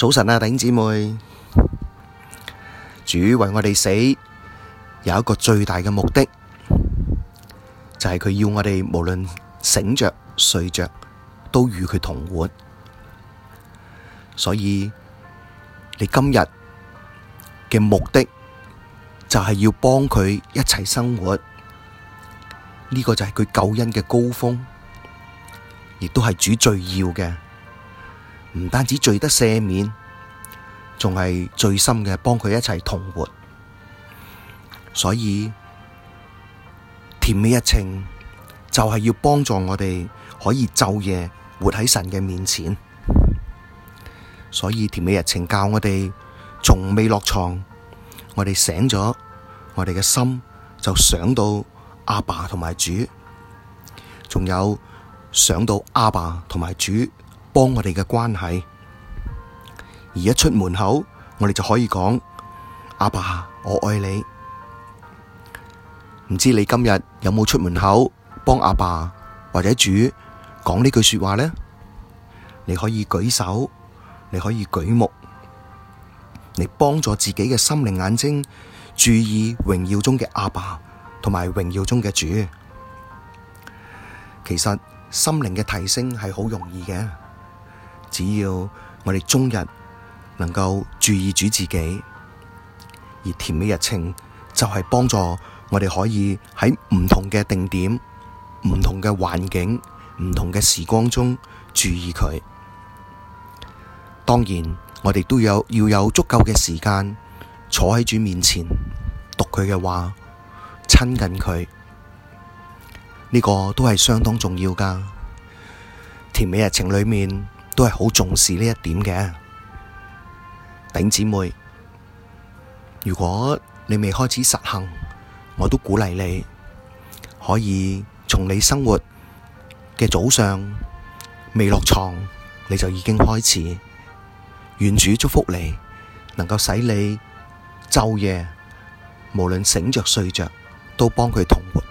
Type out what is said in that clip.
早晨啊，弟兄姊妹，主為我哋死有一個最大嘅目的，就係佢要我哋無論醒着睡着都與佢同活。所以你今日嘅目的就係要幫佢一齊生活，呢個就係佢救恩嘅高峰，亦都係主最要嘅。唔單止罪得赦免，仲係罪心嘅幫佢一齊同活。所以甜美日程就係要幫助我哋可以晝夜活喺神嘅面前。所以甜美日程教我哋從未落床，我哋醒咗，我哋嘅心就想到阿爸同埋主，仲有想到阿爸同埋主。幫我哋嘅關係，而一出門口，我哋就可以講阿爸我愛你。唔知你今日有冇出門口幫阿爸或者主講呢句說話呢？你可以舉手，你可以舉目，嚟幫助自己嘅心靈眼睛注意榮耀中嘅阿爸同埋榮耀中嘅主。其實心靈嘅提升係好容易嘅。只要我哋終日能夠注意主自己，而甜美日程就係幫助我哋可以喺唔同嘅定點、唔同嘅環境、唔同嘅時光中注意佢。當然，我哋都有要有足夠嘅時間坐喺主面前讀佢嘅話，親近佢，呢個都係相當重要噶。甜美日程裏面。都係好重視呢一點嘅，頂姊妹，如果你未開始實行，我都鼓勵你，可以從你生活嘅早上未落床，你就已經開始，願主祝福你，能夠使你晝夜無論醒着睡着，都幫佢同活。